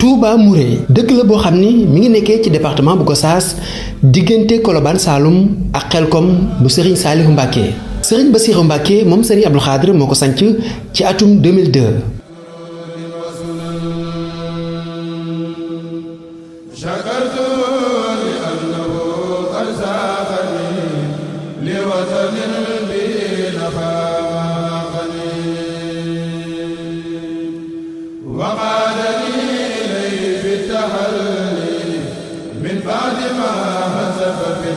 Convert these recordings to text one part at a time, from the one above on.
Touba Mouré dëkk la boo xam ni mi ngi nekkee ci département bu saas diggante Kolobane Saloum ak Xelkom bu Serigne Saliou Mbacké Serigne Bassirou Mbacké moom Serigne Abdou Khadre moo ko sanc ci atum 2002. Jaka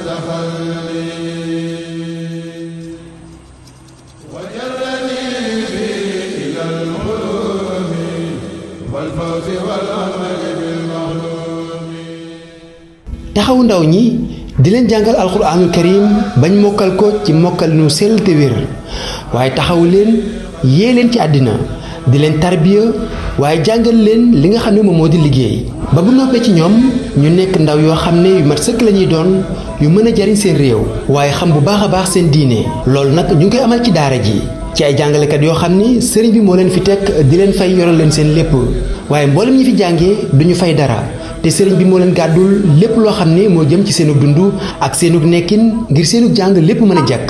taxaw ndaw ñi di leen jàngal alxuraanul karim bañ mokkal ko ci mokkal nu sell te wér waaye taxaw leen yée leen ci àddina di leen tarbiya waaye jàngal leen li nga xam ne moom moo di liggéey ba bu noppee ci ñoom ñu nekk ndaw yoo xam ne yu mat sëkk la ñuy doon yu mën a jariñ seen réew waaye xam bu baax a baax seen diine lool nag ñu ngi koy amal ci daara ji ci ay jàngalekat yoo xam ni sëriñ bi moo leen fi tekk di leen fay yoral leen seen lépp waaye mboolem ñi fi jàngee duñu fay dara te sëriñ bi moo leen gàddul lépp loo xam ne moo jëm ci seenug dund ak seenu nekkin ngir seenu jàng lépp mën a jekk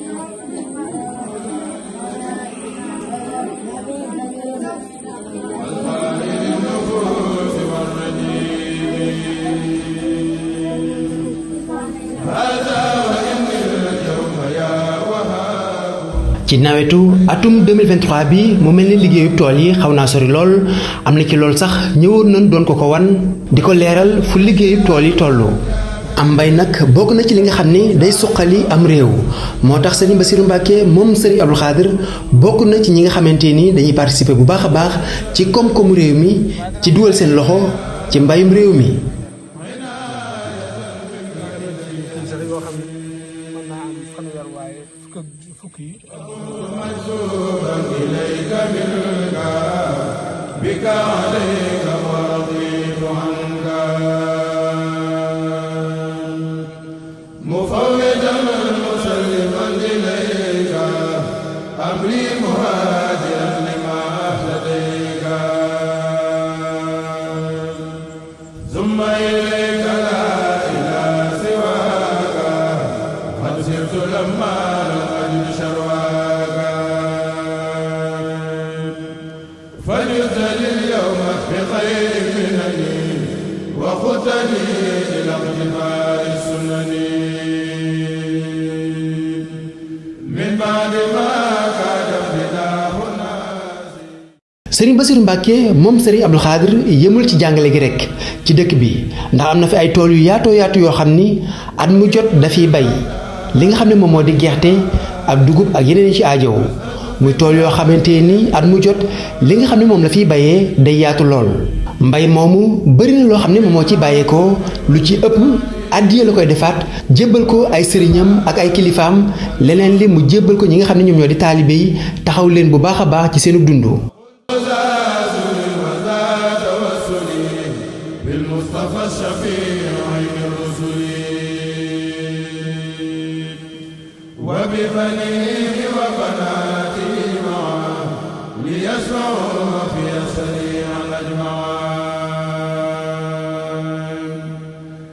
ci nawetu atum 2023 bi mu mel ni liggéeyu tool yi xaw naa sori lool am na ci lool sax ñëwoon nañ doon ko ko wan di ko leeral fu liggéeyu tool yi toll. am mbay nag bokk na ci li nga xam ni day suqali am réew moo tax sëriñ Bassirou Mbacke moom sëriñ Abdou Khadr bokk na ci ñi nga xamante ni dañuy participer bu baax a baax ci koom-koomu réew mi ci dugal seen loxo ci mbayum réew mi. fanweer waaye fukk ak fukk yi bi ka alayka wa raditu anka sëriñ ba Bassirou Mbacke moom sëriñ Abdou Khadr yëmul ci jàngale gi rek ci dëkk bi ndax am na fi ay tool yu yaatoo yaatu yoo xam ni at mu jot dafiy bay li nga xam ne moom moo di gerte ak dugub ak yeneen yi ci aajow muy tool yoo xamante ni at mu jot li nga xam ne moom la fiy bayee day yaatu lool. mbay moomu bari na loo xam ne moom moo ci bàyyeekoo lu ci ëpp addiya la koy defaat jébbal ko ay sëriñam ak ay kilifaam leneen li mu jébbal ko ñi nga xam ne ñoom ñoo di taalibe yi taxaw leen bu baax a baax ci seenu dund. li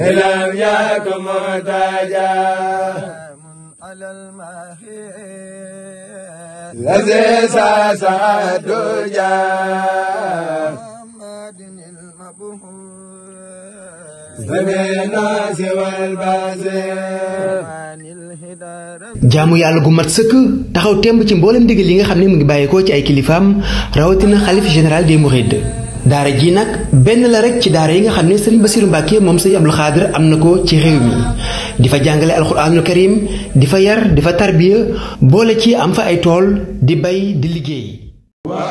لم يكن مرتجا jaamu yàlla gu mat sëkk taxaw temb ci mboolem ndigal yi nga xam ne mu ngi bàyyeekoo ci ay kilifaam rawatina xalif général des mourides daara ji nag benn la rek ci daara yi nga xam ne sëriñ Basiru Mbàkke moom sëriñ Abdul Xaadir am na ko ci réew mi di fa jàngale alxuraanul karim di fa yar di fa tarbiya boole ci am fa ay tool di bay di liggéey wa